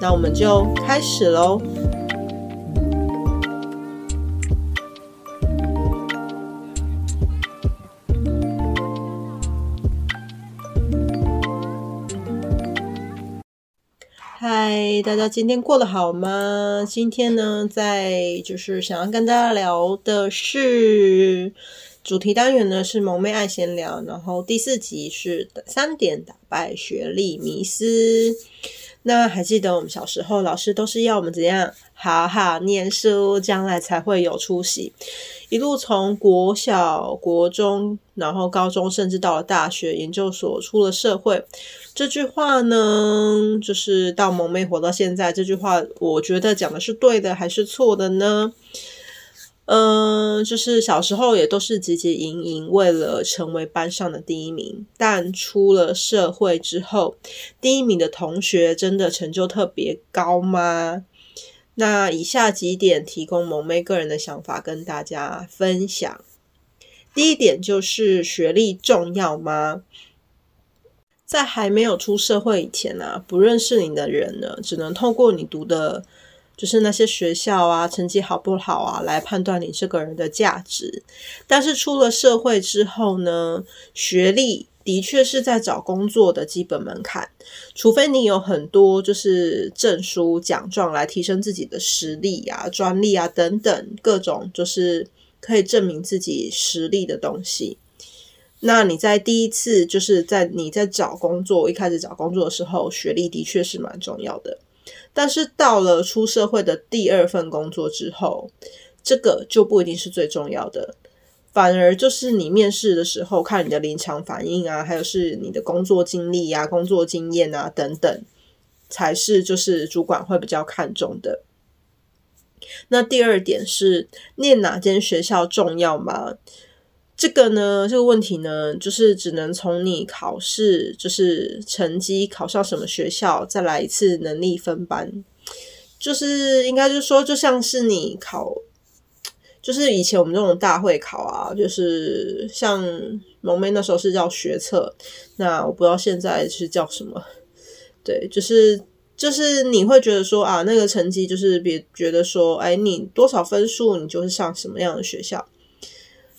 那我們就開始嘍！嗨，大家今天過得好嗎？今天呢，在就是想要跟大家聊的是主題單元呢是“萌咩愛閒聊”，然後第四集是“三點打敗學歷迷思”。那還記得我們小時候，老師都是要我們怎樣好好念書，將來才會有出息。一路從國小、國中，然後高中，甚至到了大學、研究所，出了社會，這句話呢，就是到萌咩活到現在，這句話，我覺得講的是對的還是錯的呢？嗯，就是小時候也都是汲汲營營，為了成為班上的第一名。但出了社會之後，第一名的同學真的成就特別高嗎？那以下幾點提供萌咩個人的想法跟大家分享。第一點就是學歷重要嗎？在還沒有出社會以前啊，不認識你的人呢，只能透過你讀的。就是那些學校啊，成績好不好啊，來判斷你這個人的價值。但是出了社會之後呢，學歷的確是在找工作的基本門檻，除非你有很多就是證書、獎狀來提升自己的實力呀、專利啊等等各種就是可以證明自己實力的東西。那你在第一次，就是在你在找工作一開始找工作的時候，學歷的確是蠻重要的。但是到了出社會的第二份工作之後，這個就不一定是最重要的，反而就是你面試的時候看你的臨場反應啊，還有是你的工作經歷呀、啊、工作經驗啊等等，才是就是主管會比較看重的。那第二點是念哪間學校重要嗎？這個呢，這個問題呢，就是只能從你考試，就是成績考上什麼學校，再來一次能力分班，就是應該就是說，就像是你考，就是以前我們這種大會考啊，就是像萌咩那時候是叫學測，那我不知道現在是叫什麼，對，就是就是你會覺得說啊，那個成績就是別覺得說，哎，你多少分數你就是上什麼樣的學校。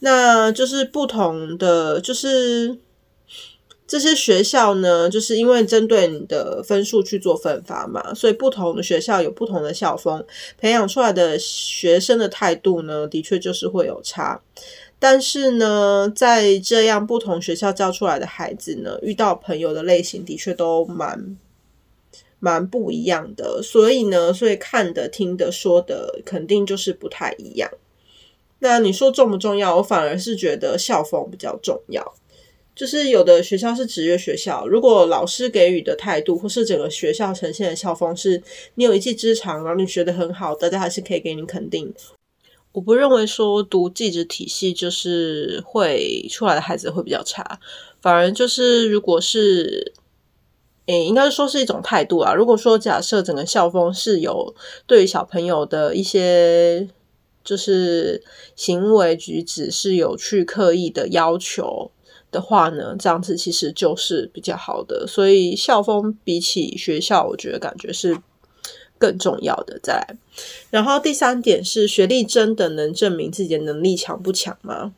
那就是不同的，就是這些學校呢，就是因為針對你的分數去做分發嘛，所以不同的學校有不同的校風，培養出來的學生的態度呢，的確就是會有差。但是呢，在這樣不同學校教出來的孩子呢，遇到朋友的類型的確都蠻蠻不一樣的，所以呢，所以看的、聽的、說的，肯定就是不太一樣。那你說重不重要？我反而是覺得校風比較重要。就是有的學校是職業學校，如果老師給予的態度，或是整個學校呈現的校風是，是你有一技之長，然後你學的很好，大家還是可以給你肯定。我不認為說，讀技職體系就是會出來的孩子會比較差，反而就是如果是，誒，應該說是一種態度啊。如果說假設整個校風是有對於小朋友的一些。就是行為舉止是有去刻意的要求的話呢，這樣子其實就是比較好的。所以校風比起學校，我覺得感覺是更重要的。再來。然後第三點是，學歷真的能證明自己的能力強不強嗎？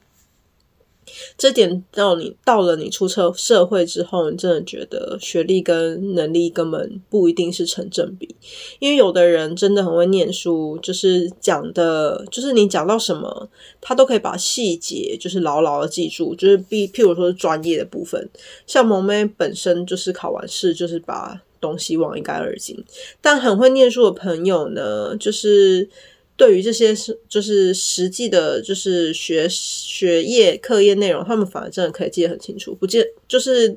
這點到你到了你出社社會之後，你真的覺得學歷跟能力根本不一定是成正比，因為有的人真的很會念書，就是講的，就是你講到什麼，他都可以把細節就是牢牢的記住，就是譬譬如說專業的部分，像萌咩本身就是考完試就是把東西忘一乾二淨，但很會念書的朋友呢，就是。對於這些是就是實際的，就是學學業課業內容，他們反而真的可以記得很清楚，不見就是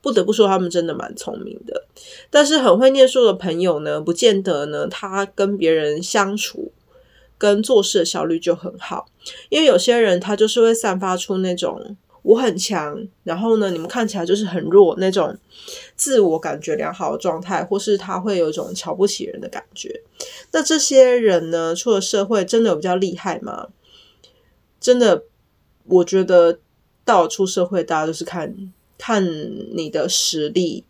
不得不說，他們真的蠻聰明的。但是很會念書的朋友呢，不見得呢，他跟別人相處、跟做事的效率就很好，因為有些人他就是會散發出那種。我很強，然後呢，你們看起來就是很弱那種，自我感覺良好的狀態，或是他會有一種瞧不起人的感覺。那這些人呢？出了社會真的有比較厲害嗎？真的，我覺得到出社會，大家都是看看你的實力，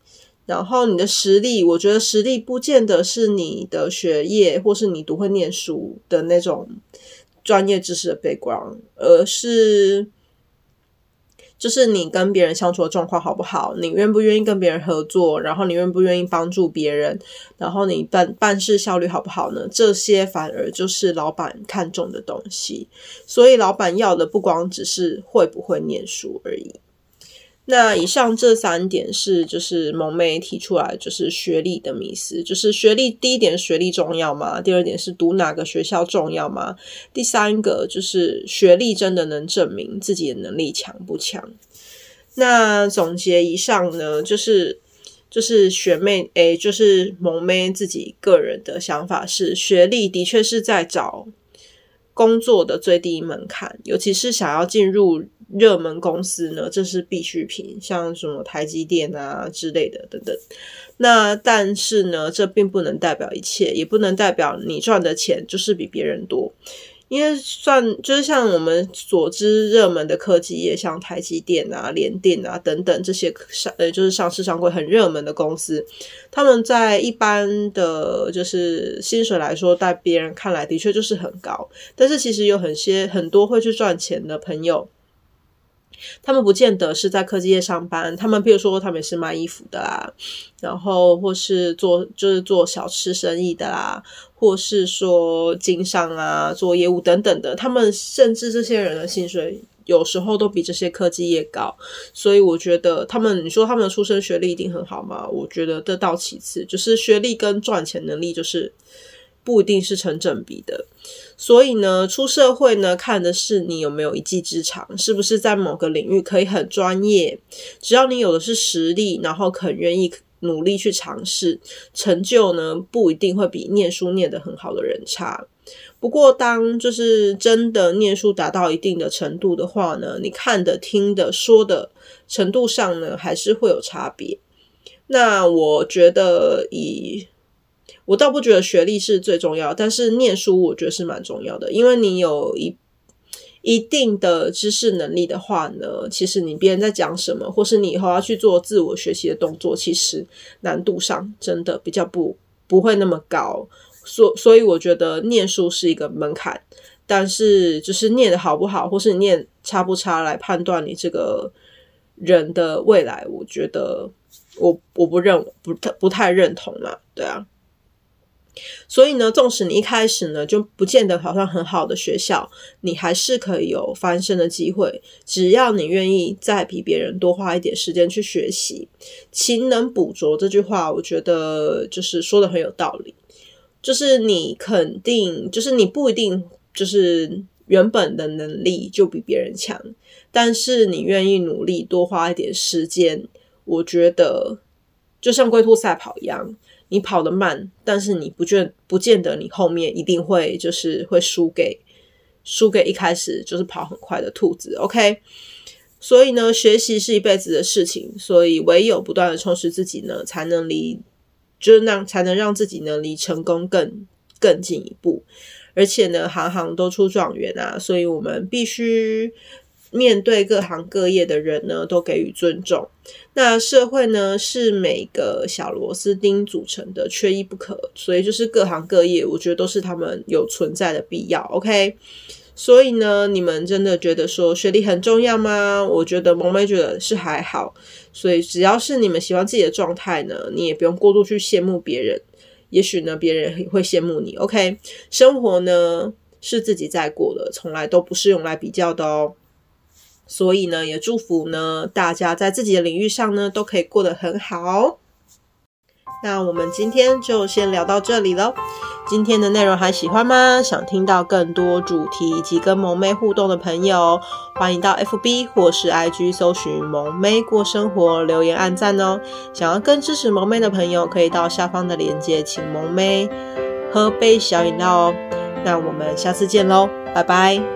然後你的實力，我覺得實力不見得是你的學業，或是你讀會念書的那種專業知識的背景，而是。就是你跟別人相處的狀況好不好？你願不願意跟別人合作？然後你願不願意幫助別人？然後你辦辦事效率好不好呢？這些反而就是老闆看重的東西。所以老闆要的不光只是會不會念書而已。那以上這三點是就是萌咩提出來，就是學歷的迷思，就是學歷第一點學歷重要嗎？第二點是讀哪個學校重要嗎？第三個就是學歷真的能證明自己的能力強不強？那總結以上呢，就是就是學妹誒、欸，就是萌咩自己個人的想法是，學歷的確是在找工作的最低門檻，尤其是想要進入。熱門公司呢，這是必需品，像什麼台積電啊之類的等等。那但是呢，這並不能代表一切，也不能代表你賺的錢就是比別人多。因為算就是像我們所知，熱門的科技業，像台積電啊、聯電啊等等這些上呃就是上市上櫃，很熱門的公司，他們在一般的就是薪水來說，在別人看來的確就是很高。但是其實有很些很多會去賺錢的朋友。他們不見得是在科技業上班，他們譬如說他們也是賣衣服的啦，然後或是做就是做小吃生意的啦，或是說經商啊，做業務等等的。他們甚至這些人的薪水有時候都比這些科技業高，所以我覺得他們你說他們的出身學歷一定很好嗎？我覺得得到其次，就是學歷跟賺錢能力就是不一定是成正比的。所以呢，出社會呢，看的是你有沒有一技之長，是不是在某個領域可以很專業。只要你有的是實力，然後肯願意努力去嘗試，成就呢，不一定會比念書念得很好的人差。不過，當就是真的念書達到一定的程度的話呢，你看的、聽的、說的程度上呢，還是會有差別。那我覺得以。我倒不覺得學歷是最重要，但是念書我覺得是蠻重要的，因為你有一一定的知識能力的話呢，其實你別人在講什麼，或是你以後要去做自我學習的動作，其實難度上真的比較不不會那麼高。所以所以我覺得念書是一個門檻，但是就是念得好不好，或是念差不差來判斷你這個人的未來，我覺得我我不認不不太認同啦，對啊。所以呢，縱使你一開始呢就不見得考上很好的學校，你還是可以有翻身的機會，只要你願意再比別人多花一點時間去學習，“勤能補拙”這句話，我覺得就是說得很有道理。就是你肯定，就是你不一定就是原本的能力就比別人強，但是你願意努力多花一點時間，我覺得。就像龜兔賽跑一樣，你跑得慢，但是你不見不見得你後面一定會就是會輸給輸給一開始就是跑很快的兔子。OK，所以呢，學習是一輩子的事情，所以唯有不斷的充實自己呢，才能離就是、讓才能讓自己呢離成功更更進一步。而且呢，行行都出狀元啊，所以我們必須。面對各行各業的人呢，都給予尊重。那社會呢，是每個小螺絲釘組成的，缺一不可。所以就是各行各業，我覺得都是他們有存在的必要。OK，所以呢，你們真的覺得說學歷很重要嗎？我覺得萌咩覺得是還好。所以只要是你們喜歡自己的狀態呢，你也不用過度去羨慕別人。也許呢，別人也會羨慕你。OK，生活呢是自己在過的，從來都不是用來比較的哦。所以呢，也祝福呢大家在自己的領域上呢都可以過得很好。那我們今天就先聊到這裡嘍。今天的內容還喜歡嗎？想聽到更多主題以及跟萌咩互動的朋友，歡迎到 FB 或是 IG 搜尋“萌咩過生活”留言按讚哦。想要更支持萌咩的朋友，可以到下方的鏈接請萌咩喝杯小飲料哦。那我們下次見嘍，拜拜。